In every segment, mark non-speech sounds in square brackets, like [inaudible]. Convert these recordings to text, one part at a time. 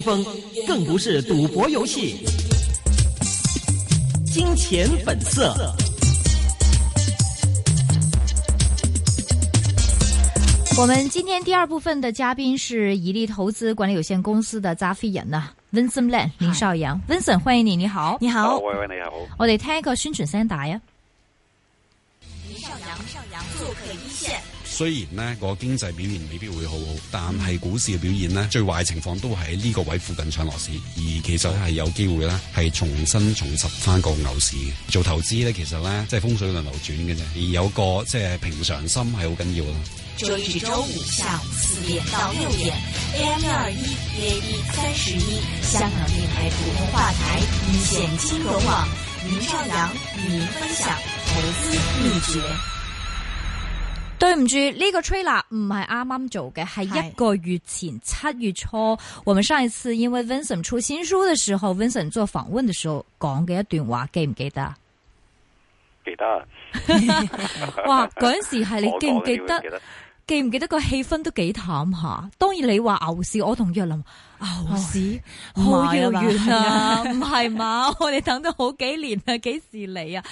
風更不是賭博遊戲，金錢本色。粉色我們今天第二部分的嘉賓是伊利投資管理有限公司的扎菲眼呐温森 Lam 林少陽温森，Hi. Vincent，歡迎你，你好，你好，喂喂你好，我哋聽一個宣傳聲帶呀，林少陽，林少陽，做客一線。雖然呢個經濟表現未必會好好，但係股市嘅表現呢，最壞情況都喺呢個位附近上落市，而其實係有機會呢，係重新重拾翻個牛市。做投資呢，其實呢，即係風水輪流轉嘅啫，而有個即係平常心係好緊要啦。周一至周五下午四點到六點，AM 二一 AD 三十一，香港電台普通話台一線金融網，林少陽與您分享投資秘訣。對唔住，呢、這個 trailer 唔係啱啱做嘅，係一個月前七月初。是我們上一次因為 Vincent 出新書嘅時候，Vincent 做訪問嘅時候講嘅一段話，記唔記得？記得。哇，嗰陣時，係你記唔記得？記唔記得個氣氛都幾淡下。當然你話牛市，我同若琳牛市，唉好遙遠啊，唔係嘛？ [laughs] 我哋等咗好幾年啦，幾時嚟啊？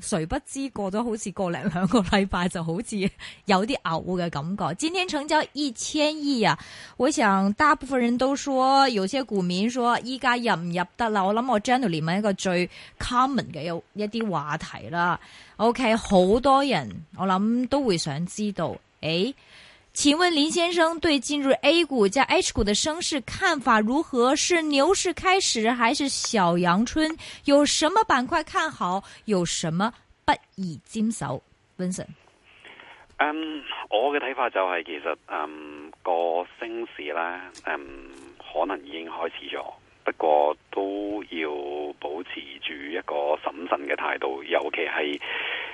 誰不知過咗好似個零兩個禮拜，就好似有啲牛嘅感覺。今天成交一千億啊！我想大部分人都說，有些股民說依家入唔入得啦。我諗我 Generally 咪一個最 common 嘅有一啲話題啦。OK，好多人我諗都會想知道，誒、欸。請問林先生對進入 A 股加 H 股嘅升勢，看法如何？是牛市開始還是小陽春？有什麼板塊看好？有什麼不宜沾手？Vincent 我嘅睇法就係、是、其實，嗯、um,，個升市咧，可能已經開始咗，不過都要保持住一個審慎嘅態度，尤其係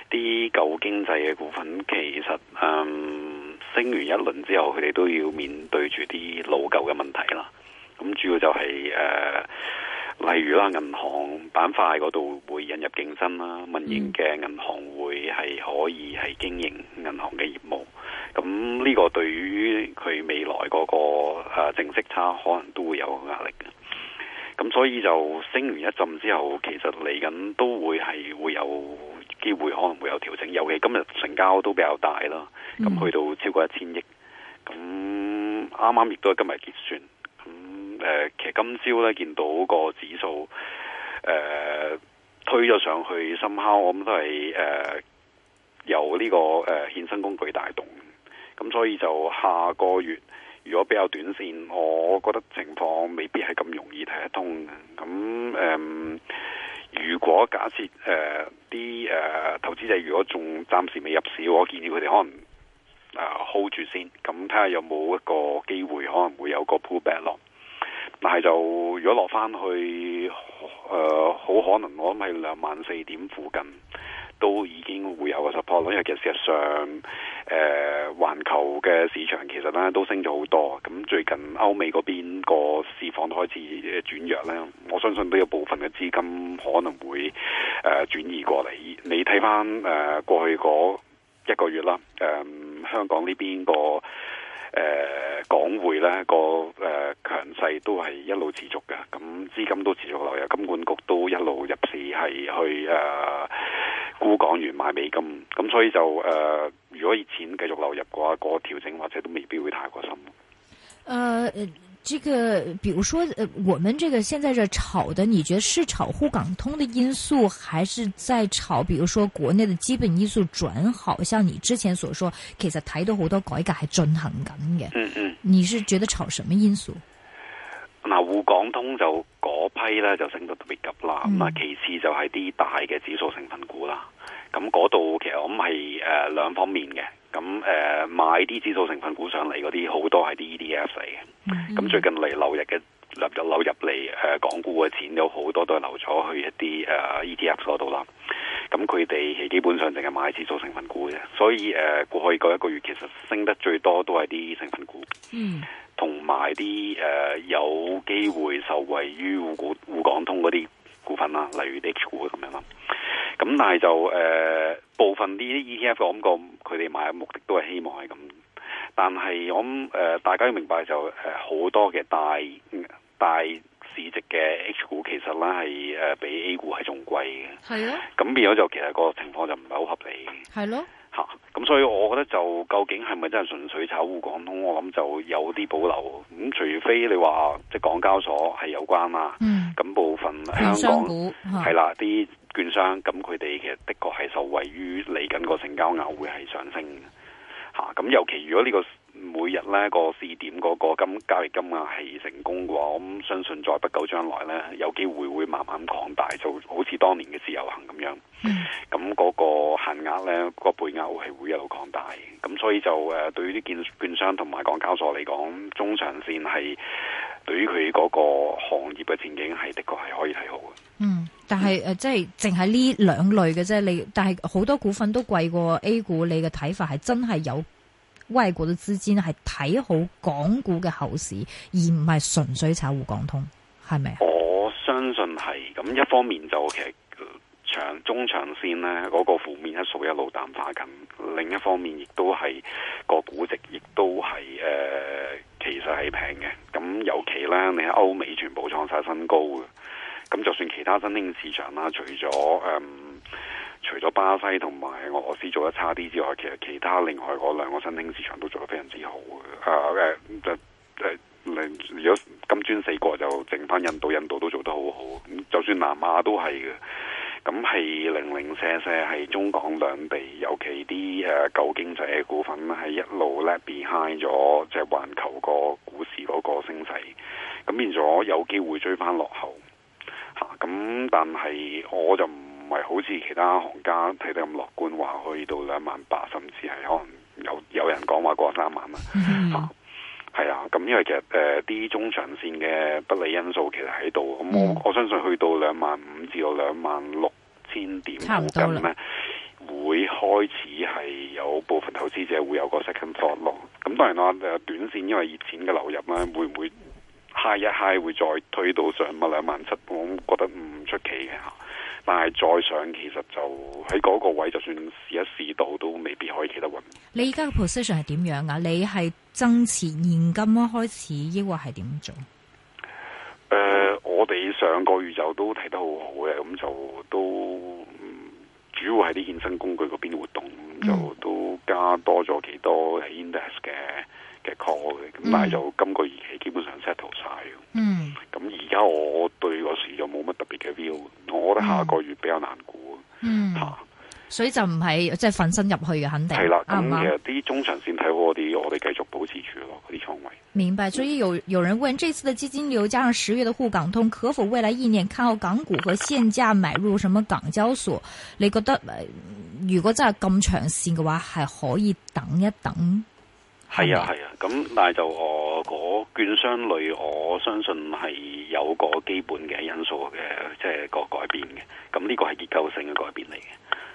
啲舊經濟嘅股份，其實，um, 升完一輪之後，佢哋都要面對住啲老舊嘅問題啦。咁主要就係、是、誒、呃，例如啦，銀行板塊嗰度會引入競爭啦，民營嘅銀行會係可以係經營銀行嘅業務。咁呢個對於佢未來嗰個誒淨息差可能都會有壓力嘅。咁所以就升完一陣之後，其實嚟緊都會係會有。機會可能會有調整，尤其今日成交都比較大咯，咁、嗯、去到超過一千億，咁啱啱亦都係今日結算，咁誒、呃，其實今朝咧見到個指數誒、呃、推咗上去，深拋、嗯，我諗都係誒由呢個誒、呃、衍生工具帶動，咁所以就下個月如果比較短線，我覺得情況未必係咁容易睇得通嘅，咁誒。呃如果假設誒啲誒投資者如果仲暫時未入市，我建議佢哋可能誒 hold 住先，咁睇下有冇一個機會可能會有個 pullback 咯。但係就如果落翻去誒，好、呃、可能我諗係兩萬四點附近。都已經會有個 support 因為其實事實上誒環、呃、球嘅市場其實咧都升咗好多，咁最近歐美嗰邊個市況都開始轉弱咧，我相信都有部分嘅資金可能會誒轉、呃、移過嚟。你睇翻誒過去嗰一個月啦，誒、呃、香港呢邊個誒港匯咧個誒強勢都係一路持續嘅，咁資金都持續流入，金管局都一路入市係去誒。呃沽港元買美金，咁所以就誒、呃，如果以錢繼續流入嘅話，那個調整或者都未必會太過深。誒、呃，這個，比如說，誒、呃，我們這個現在嘅炒的，你覺得是炒滬港通的因素，還是在炒，比如說國內的基本因素轉好，像你之前所說，其實睇到好多改革係進行緊嘅、嗯。嗯嗯，你是覺得炒什麼因素？嗱，滬港通就嗰批咧就升得特別急啦。咁啊、嗯，其次就係啲大嘅指數成分股啦。咁嗰度其實我諗係誒兩方面嘅，咁誒、呃呃嗯、買啲指數成分股上嚟嗰啲好多係啲 E T F 嚟嘅，咁最近嚟流入嘅流入流入嚟誒港股嘅錢有好多都係流咗去一啲誒 E T F 嗰度啦，咁佢哋基本上淨係買指數成分股嘅，所以誒過去嗰一個月其實升得最多都係啲成分股，嗯，同埋啲誒有機會受惠於滬股滬港通嗰啲股份啦，例如 H 股咁樣啦。咁、嗯、但係就誒、呃、部分啲 ETF，我諗佢哋買嘅目的都係希望係咁，但係我誒、呃、大家要明白就誒好、呃、多嘅大大市值嘅 H 股其實咧係誒比 A 股係仲貴嘅，係咯、啊。咁變咗就其實個情況就唔係好合理。係咯、啊。嚇、啊！咁所以我覺得就究竟係咪真係純粹炒滬港通？我諗就有啲保留。咁、嗯、除非你話即係港交所係有關嘛。咁、嗯、部分香港係啦啲。券商，咁佢哋其實的確係受惠於嚟緊個成交額會係上升，吓、啊、咁尤其如果呢個每日呢、那個試點嗰個金交易金額係成功嘅話，咁相信在不久將來呢，有機會會慢慢擴大，就好似當年嘅自由行咁樣。咁嗰、嗯、個限額呢，個配額係會一路擴大，咁所以就誒對於啲券商同埋港交所嚟講，中長線係對於佢嗰個行業嘅前景係的確係可以睇好嘅。嗯。但係誒，即係淨係呢兩類嘅啫。你但係好多股份都貴過 A 股，你嘅睇法係真係有外國嘅資金係睇好港股嘅後市，而唔係純粹炒滬港通，係咪？我相信係咁。一方面就其實長中長線呢，嗰個負面因素一路淡化緊。另一方面亦都係個估值亦都係誒，其實係平嘅。咁尤其啦，你喺歐美全部創晒新高嘅。咁就算其他新興市場啦，除咗誒、嗯，除咗巴西同埋俄羅斯做得差啲之外，其實其他另外嗰兩個新興市場都做得非常之好嘅。誒、啊、誒，誒、呃，如果金磚四國就剩翻印度，印度都做得好好。咁就算南亞都係嘅。咁、嗯、係零零舍舍係中港兩地，尤其啲誒舊經濟嘅股份係一路咧 behind 咗，即係環球個股市嗰個升勢。咁變咗有機會追翻落後。咁、嗯、但係我就唔係好似其他行家睇得咁樂觀，話去到兩萬八，甚至係可能有有人講話過三萬啦。嚇、嗯哼，係啊，咁、啊、因為其實誒啲、呃、中長線嘅不利因素其實喺度，咁、嗯嗯、我我相信去到兩萬五至到兩萬六千點附近咧，會開始係有部分投資者會有個 second thought 咯。咁當然啦，誒短線因為熱錢嘅流入啦，會唔會？嗨一嗨會再推到上萬兩萬七，我唔覺得唔出奇嘅吓。但係再上其實就喺嗰個位，就算試一試到都未必可以企得穩。你而家嘅 position 係點樣噶？你係增持現金啊，開始抑或係點做？誒、呃，我哋上個月就都睇得好好嘅，咁就都主要係啲衍生工具嗰邊活動，嗯、就都加多咗幾多 index 嘅。嘅 call 咁但係就今個月期基本上 settle 晒嗯，咁而家我對個市就冇乜特別嘅 view，我覺得下個月比較難估。嗯，吓、啊，所以就唔係即係瞓身入去嘅，肯定係啦。咁其實啲中長線睇好啲，我哋我哋繼續保持住咯，嗰啲倉位。明白。所以有有人問，這次嘅基金流加上十月嘅滬港通，可否未來一年看好港股和現價買入什麼港交所？你覺得、呃、如果真係咁長線嘅話，係可以等一等。係啊，係、嗯、啊，咁但係就我個、哦、券商類，我相信係有個基本嘅因素嘅，即、就、係、是、個改變嘅，咁呢個係結構性嘅改變嚟嘅。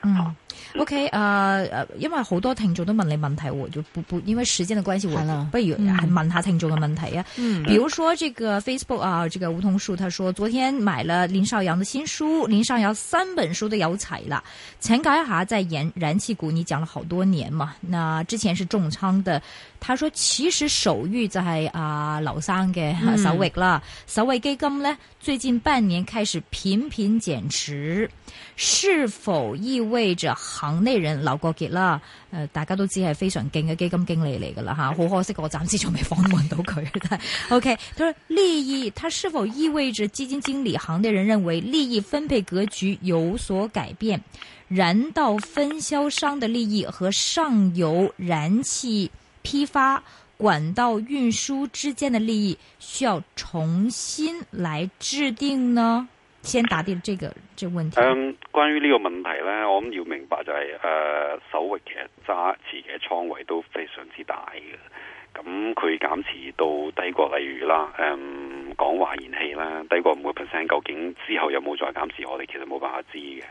嗯。啊 OK，誒因為好多聽眾都問你問題，我就不不，因為時間的關係，我不如問下聽眾的問題啊。嗯，比如說這個 Facebook 啊、呃，這個梧桐樹，他說昨天買了林少陽的新書，林少陽三本書都有買啦。請教一下，在研燃氣股，你講了好多年嘛，那之前是重倉的，他說其實首域就係啊老生嘅首域啦，首域、嗯、基金咧最近半年開始頻頻減持，是否意味着行？行內人劉國杰啦，誒、呃，大家都知係非常勁嘅基金經理嚟噶啦吓，好可惜我暫時仲未訪問到佢。 [laughs] o、okay, K，佢說利益，它是否意味着基金經理行內人認為利益分配格局有所改變？燃到分銷商的利益和上游燃氣批發、管道運輸之間的利益需要重新來制定呢？先打掂這個這個問題。Um, 關於呢個問題呢，我諗要明白就係、是，誒、呃，首域其實揸持嘅倉位都非常之大嘅。咁、嗯、佢減持到低過，例如啦，誒、嗯，港華燃氣啦，低過五個 percent，究竟之後有冇再減持，我哋其實冇辦法知嘅。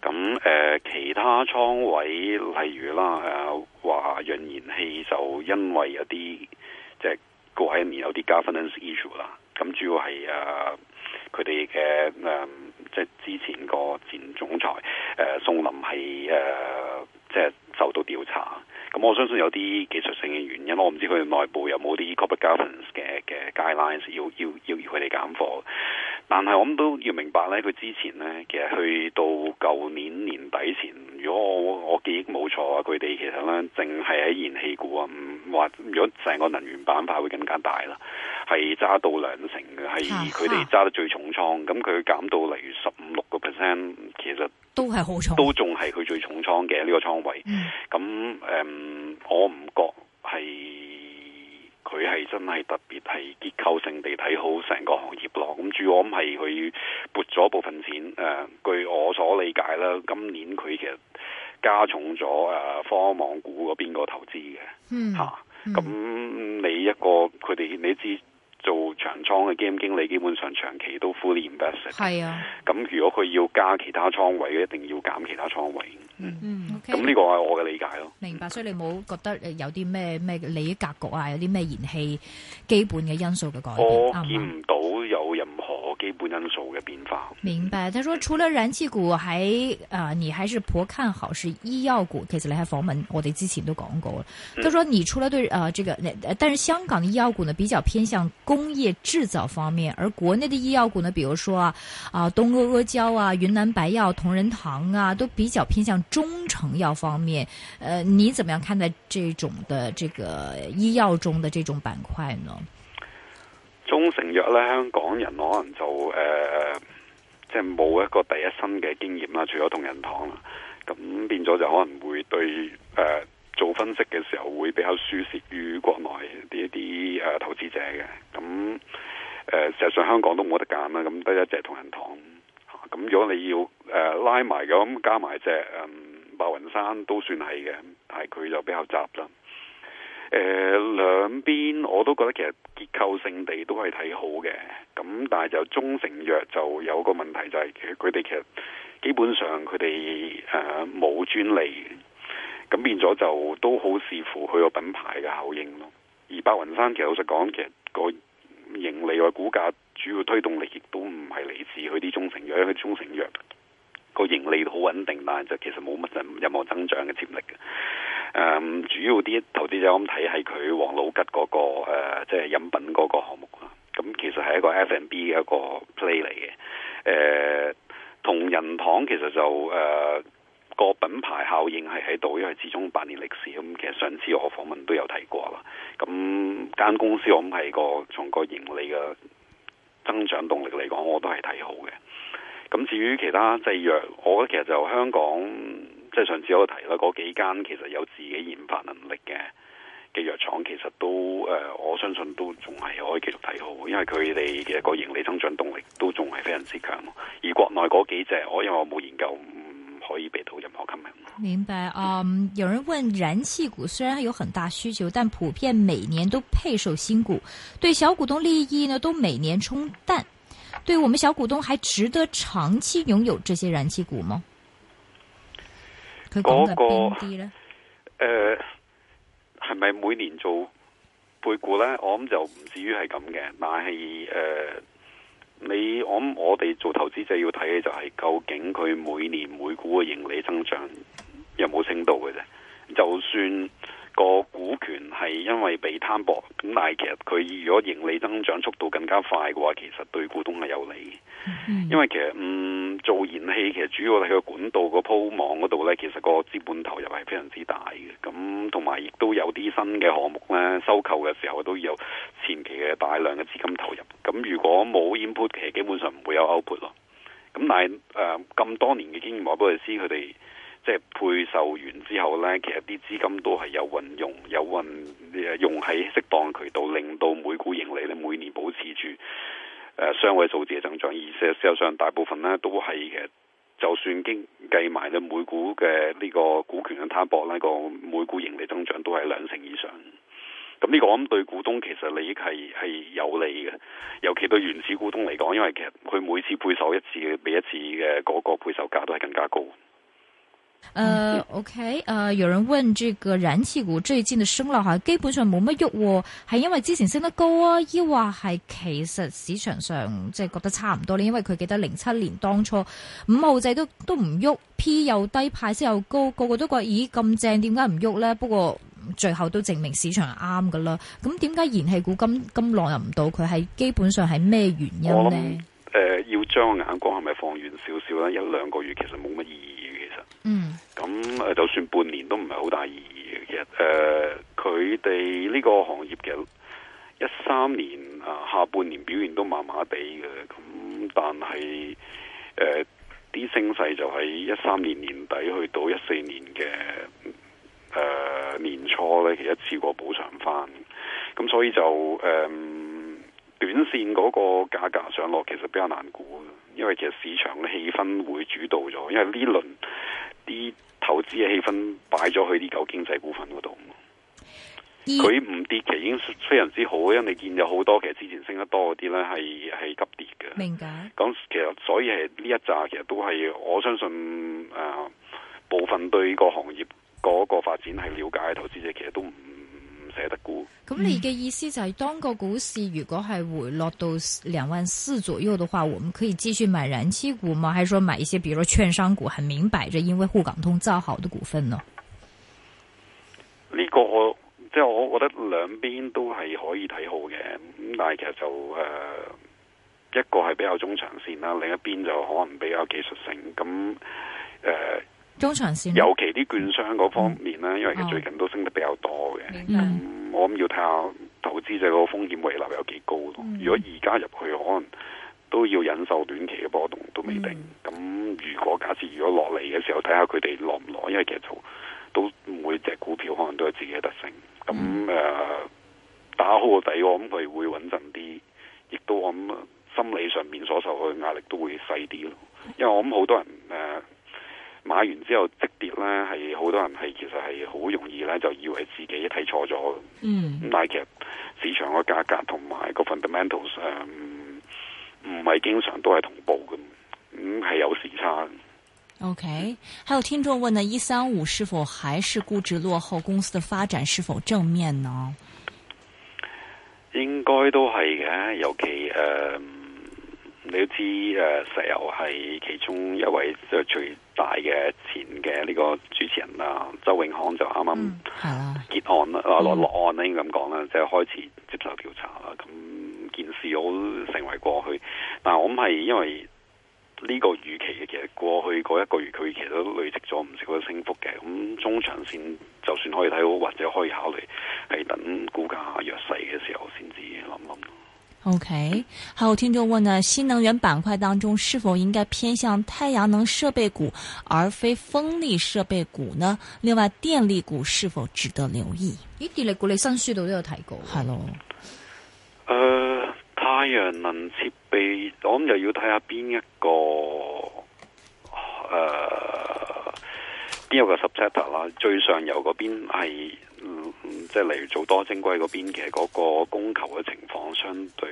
咁、嗯、誒、呃，其他倉位例如啦，誒、呃，華潤燃氣就因為、就是、有啲即係個喺面有啲 governance issue 啦，咁、嗯、主要係誒。呃佢哋嘅誒，即係之前個前總裁誒、呃、宋林係誒、呃，即係受到調查。咁、嗯、我相信有啲技術性嘅原因，我唔知佢哋內部有冇啲 corporate governance 嘅嘅 guidelines 要要要佢哋減貨。但係我諗都要明白呢，佢之前呢，其實去到舊年年底前，如果我我記憶冇錯啊，佢哋其實咧淨係喺燃氣股啊，唔話如果成個能源板塊會更加大啦，係揸到兩成嘅，係佢哋揸得最重倉，咁佢、啊、減到例如十五六個 percent，其實都係好重，都仲係佢最重倉嘅呢、這個倉位。咁誒、嗯嗯嗯，我唔覺。佢係真係特別係結構性地睇好成個行業咯，咁住我諗係佢撥咗部分錢，誒、呃，據我所理解啦，今年佢其實加重咗誒、啊、科網、網股嗰邊個投資嘅，嚇，咁你一個佢哋你知。做長倉嘅基金經理，基本上長期都 fully invested。係啊，咁如果佢要加其他倉位，一定要減其他倉位。嗯嗯，咁呢個係我嘅理解咯。明白，所以你冇覺得有啲咩咩利益格局啊，有啲咩燃氣基本嘅因素嘅改變，我見唔到。何基本因素嘅變化？明白，他說除了燃氣股還，還、呃、啊，你還是頗看好是醫藥股，其實嚟喺房門，我哋之前都講過了。他說你除了對啊、呃，這個，但係香港嘅醫藥股呢，比較偏向工業製造方面，而國內嘅醫藥股呢，比如說啊，啊、呃、東阿阿膠啊，雲南白藥、同仁堂啊，都比較偏向中成藥方面。誒、呃，你怎麼樣看待這種的這個醫藥中的這種板塊呢？中成藥咧，香港人可能就誒，即係冇一個第一身嘅經驗啦，除咗同仁堂啦，咁變咗就可能會對誒、呃、做分析嘅時候會比較輸蝕於國內啲啲誒投資者嘅，咁誒、呃、實際上香港都冇得揀啦，咁得一隻同仁堂，咁、啊、如果你要誒、呃、拉埋咁加埋隻誒白雲山都算係嘅，係佢就比較雜啦。誒，兩邊、呃、我都覺得其實結構性地都係睇好嘅，咁但係就中成藥就有個問題就係，其實佢哋其實基本上佢哋誒冇專利，咁變咗就都好視乎佢個品牌嘅效應咯。而白雲山其實老實講，其實個盈利或股價主要推動力亦都唔係嚟自佢啲中成藥，因為中成藥、個盈利都好穩定，但係就其實冇乜任何增長嘅潛力嘅。誒、嗯，主要啲投資者咁睇係佢王老吉嗰、那個誒，即係飲品嗰個項目啦。咁、嗯、其實係一個 F and B 嘅一個 play 嚟嘅。誒、呃，同仁堂其實就誒、呃、個品牌效應係喺度，因為始終百年歷史。咁、嗯、其實上次我訪問都有提過啦。咁、嗯、間公司我諗係個從個盈利嘅增長動力嚟講，我都係睇好嘅。咁、嗯、至於其他製藥、就是，我覺得其實就香港。即係上次我提啦，嗰幾間其實有自己研發能力嘅嘅藥廠，其實都誒、呃，我相信都仲係可以繼續睇好，因為佢哋嘅個盈利增長動力都仲係非常之強。而國內嗰幾隻，因為我因又冇研究，唔、嗯、可以俾到任何吸引。明白。嗯、um，有人問，燃氣股雖然有很大需求，但普遍每年都配售新股，對小股東利益呢都每年沖淡，對我們小股東還值得長期擁有這些燃氣股嗎？嗰、那個誒，係、呃、咪每年做配股呢？我諗就唔至於係咁嘅，但係誒、呃，你我諗我哋做投資者要睇嘅，就係究竟佢每年每股嘅盈利增長有冇升到嘅啫？就算。個股權係因為被攤薄，咁但係其實佢如果盈利增長速度更加快嘅話，其實對股東係有利，嗯、因為其實嗯做燃氣其實主要喺個管道、那個鋪網嗰度呢，其實個資本投入係非常之大嘅。咁同埋亦都有啲新嘅項目呢，收購嘅時候都有前期嘅大量嘅資金投入。咁如果冇掩 n p u 基本上唔會有 output 咯。咁但係咁、呃、多年嘅經驗話俾佢知，佢哋。即係配售完之後呢，其實啲資金都係有運用，有運用喺適當渠道，令到每股盈利咧每年保持住誒雙位數字嘅增長。而且事實上，大部分呢都係其實就算經計埋咧，每股嘅呢個股權嘅攤薄，呢個每股盈利增長都係兩成以上。咁呢個我諗對股東其實利益係係有利嘅，尤其對原始股東嚟講，因為其實佢每次配售一次比一次嘅嗰個配售價都係更加高。誒、uh，OK，誒、uh，有人問這個燃氣股最近的升落吓，基本上冇乜喐，係因為之前升得高啊，抑或係其實市場上即係覺得差唔多呢？因為佢記得零七年當初五號仔都都唔喐，P 又低派息又高，個個都覺得咦咁正，點解唔喐呢？不過最後都證明市場啱噶啦。咁點解燃氣股咁咁落入唔到？佢係基本上係咩原因呢？誒、呃，要將眼光係咪放遠少少啦？一兩個月其實冇乜意義。嗯，咁誒，就算半年都唔係好大意義嘅，其實，誒，佢哋呢個行業嘅一三年啊、呃、下半年表現都麻麻地嘅，咁但係誒啲升勢就喺一三年年底去到一四年嘅誒、呃、年初咧，其實一次過補償翻，咁所以就誒、呃、短線嗰個價格上落其實比較難估，因為其實市場嘅氣氛會主導咗，因為呢輪，啲投資嘅氣氛擺咗去啲舊經濟股份嗰度，佢唔、嗯、跌其實已經非常之好，因為你見有好多其實之前升得多嗰啲咧係係急跌嘅。理解咁，其實所以係呢一扎其實都係我相信誒、啊，部分對個行業嗰個發展係了解嘅投資者，其實都唔。捨得沽？咁、嗯、你嘅意思就係、是、當個股市如果係回落到兩萬四左右的話，我們可以繼續買燃氣股嗎？還是說買一些，比如說券商股，很明擺着因為滬港通造好的股份呢？呢個我即係我，我覺得兩邊都係可以睇好嘅，咁但係其實就誒、呃、一個係比較中長線啦，另一邊就可能比較技術性咁誒。嗯呃中長線，尤其啲券商嗰方面咧，嗯、因為佢最近都升得比較多嘅，嗯。我諗要睇下投資者個風險胃納有幾高咯。嗯、如果而家入去，可能都要忍受短期嘅波動，都未定。咁、嗯、如果假設如果落嚟嘅時候，睇下佢哋落唔落，因為其實做都每隻股票可能都有自己嘅特性。咁誒、嗯呃、打好個底，我諗佢會穩陣啲，亦都我諗心理上面所受嘅壓力都會細啲咯。因為我諗好多人誒。呃呃買完之後即跌咧，係好多人係其實係好容易咧，就以為自己睇錯咗。嗯，但係其實市場個價格同埋個 fundamentals 誒、呃，唔係經常都係同步嘅，咁、呃、係有時差。OK，喺有聽眾問呢一三五是否還是估值落後？公司嘅發展是否正面呢？應該都係嘅，尤其誒。呃你都知誒，石油係其中一位即係最大嘅前嘅呢個主持人啦。周永康就啱啱結案啦，落落案應該咁講啦，即、嗯、就開始接受調查啦。咁件事好成為過去。但係我諗係因為呢個預期嘅嘢，其實過去嗰一個月佢其實累積咗唔少嘅升幅嘅。咁中長線就算可以睇好，或者可以考慮係等股價弱勢嘅時候先至諗諗。OK，還有聽眾問呢，新能源板塊當中是否應該偏向太陽能設備股而非風力設備股呢？另外，電力股是否值得留意？咦，電力股你新書度都有提過，係咯？誒，太陽能設備，我諗又要睇下邊一個誒。Uh, 邊有個 subsector 啦，最上游嗰邊係，即，嗯，係例如做多晶硅嗰邊嘅嗰個供求嘅情況，相對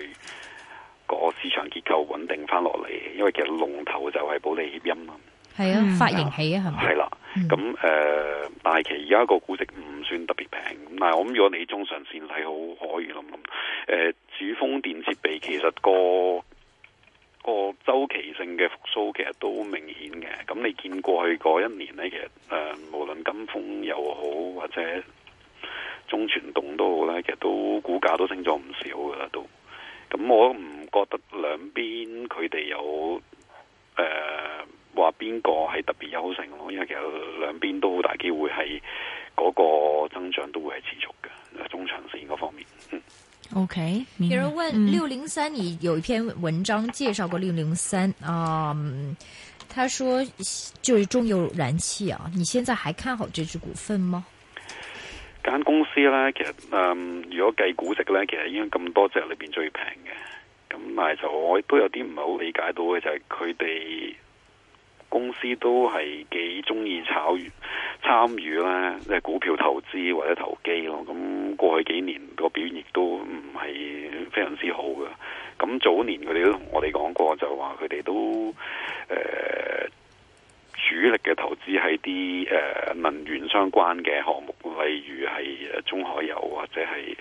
個市場結構穩定翻落嚟。因為其實龍頭就係保利協鑫。啊，係啊，髮型器啊，係係啦，咁，呃，誒，大旗而家個估值唔算特別平，咁但係我諗如果你中長線睇好，可以諗諗。誒，呃，主風電設備其實個。個周期性嘅復蘇其實都明顯嘅，咁你見過去嗰一年呢，其實誒、呃、無論金鳳，又好或者中傳動，都好咧，其實都股價都升咗唔少噶啦，都咁我都唔覺得兩邊佢哋有誒話邊個係特別優勝咯，因為其實兩邊都好大機會係嗰個增長都會係持續嘅，中長線嗰方面。嗯 OK，有人問六零三，你、mm. 有一篇文章介紹過六零三啊，他說就是中油燃氣啊，你現在還看好這支股份嗎？間公司咧，其實嗯，如果計估值咧，其實已經咁多隻裏邊最平嘅，咁但係就我都有啲唔係好理解到嘅就係佢哋。公司都係幾中意炒參與咧，即係股票投資或者投機咯。咁過去幾年個表現亦都唔係非常之好嘅。咁早年佢哋都同我哋講過，就話佢哋都誒、呃、主力嘅投資係啲誒能源相關嘅項目，例如係中海油或者係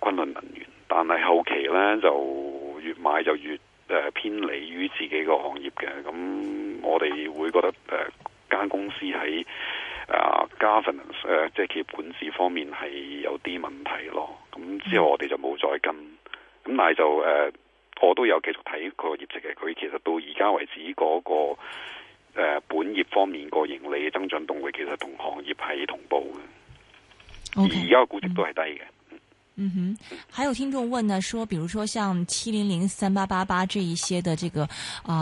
昆崙能源。但係後期咧就越買就越。誒，偏離於自己個行業嘅，咁我哋會覺得誒間、呃、公司喺啊、呃、，governance 誒、呃，即係企業管治方面係有啲問題咯。咁之後我哋就冇再跟，咁但係就誒、呃，我都有繼續睇佢個業績嘅。佢其實到而家為止嗰、那個、呃、本業方面個盈利增長動力，其實同行業係同步嘅。而家個估值都係低嘅。Okay. 嗯嗯哼，還有聽眾問呢，說，比如說像七零零三八八八這一些的這個啊、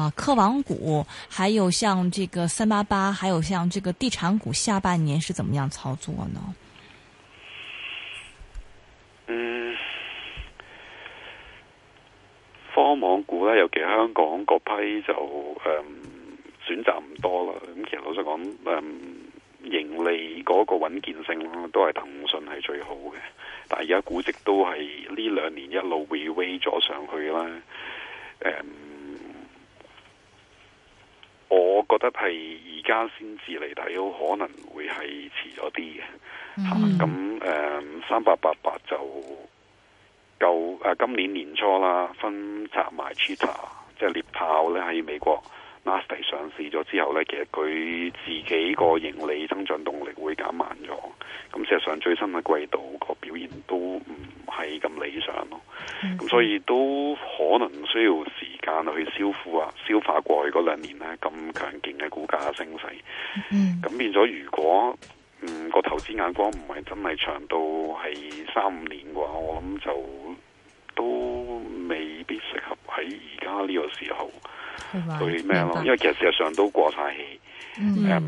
呃、科網股，還有像這個三八八，還有像這個地產股，下半年是怎麼樣操作呢？嗯，科網股呢，尤其香港嗰批就誒、嗯、選擇唔多啦。咁其實老實講，誒、嗯、盈利嗰個穩健性啦，都係騰訊係最好嘅。但而家估值都係呢兩年一路 reweigh 咗上去啦。誒、嗯，我覺得係而家先至嚟睇，可能會係遲咗啲嘅。嚇、mm，咁、hmm. 誒、啊嗯、三八八八就舊誒、啊、今年年初啦，分拆埋 Cheetah 即係獵豹咧喺美國。Lastly 上市咗之後呢，其實佢自己個盈利增長動力會減慢咗。咁、嗯、事、嗯、實上最新嘅季度、那個表現都唔係咁理想咯。咁所以都可能需要時間去修復啊，消化過去嗰兩年呢咁強勁嘅股價升勢。咁、嗯、變咗，如果嗯、那個投資眼光唔係真係長到係三五年嘅話，我諗就都未必適合喺而家呢個時候去咩咯？因為其實事實上都過晒氣。嗯，呃、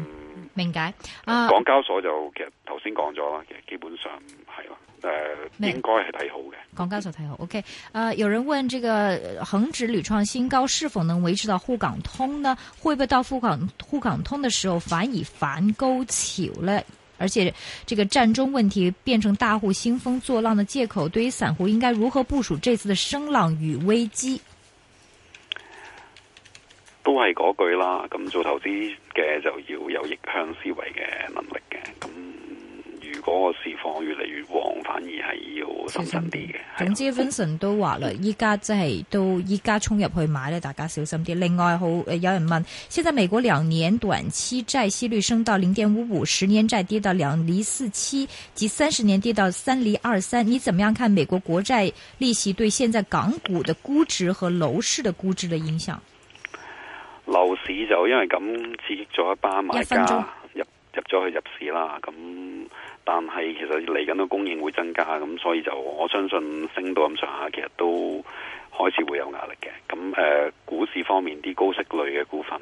明解。啊、呃，港交所就其實頭先講咗啦，其實基本上係咯，誒、呃、白應該係睇好嘅。港交所睇好。OK，誒、呃，有人問：這個恒指屢創新高，是否能維持到滬港通呢？會不會到滬港滬港通的時候反而反高潮呢？」而且這個戰中問題變成大戶興風作浪的借口，對於散戶應該如何部署這次的聲浪與危機？都係嗰句啦，咁做投資嘅就要有逆向思維嘅能力嘅。咁如果個市況越嚟越旺，反而係要小心啲嘅。總之 Vincent 都話啦，依家即係都依家衝入去買咧，大家小心啲。另外好，好有人問：現在美國兩年短期債息率升到零點五五，十年債跌到兩厘四七，及三十年跌到三厘二三，你怎麼樣看美國國債利息對現在港股的估值和樓市的估值的影響？就因為咁，刺激咗一班買家入入咗去入市啦，咁但係其實嚟緊嘅供應會增加，咁所以就我相信升到咁上下，其實都開始會有壓力嘅。咁誒、呃，股市方面啲高息類嘅股份，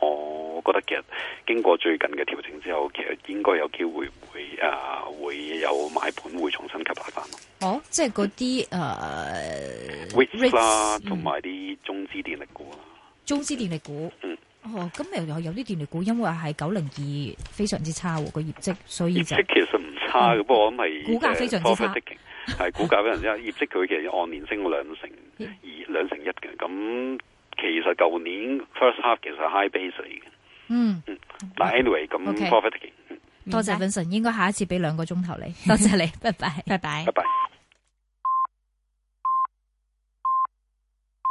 我覺得其實經過最近嘅調整之後，其實應該有機會會誒會、呃、會有買盤會重新吸納翻咯。哦，即係嗰啲誒 REITs 啦，同埋啲中資電力股啦，中資電力股，嗯哦，咁又有啲電力股，因為係九零二非常之差個業績，所以業績其實唔差嘅，不過我諗係股價非常之差，係股價非常之差。業績佢其實按年升兩成二兩成一嘅，咁其實舊年 first half 其實 high base 嚟嘅。嗯嗯，嗱，anyway 咁 profit taking 多謝 Vincent 應該下一次俾兩個鐘頭你，多謝你，拜拜，拜拜，拜拜。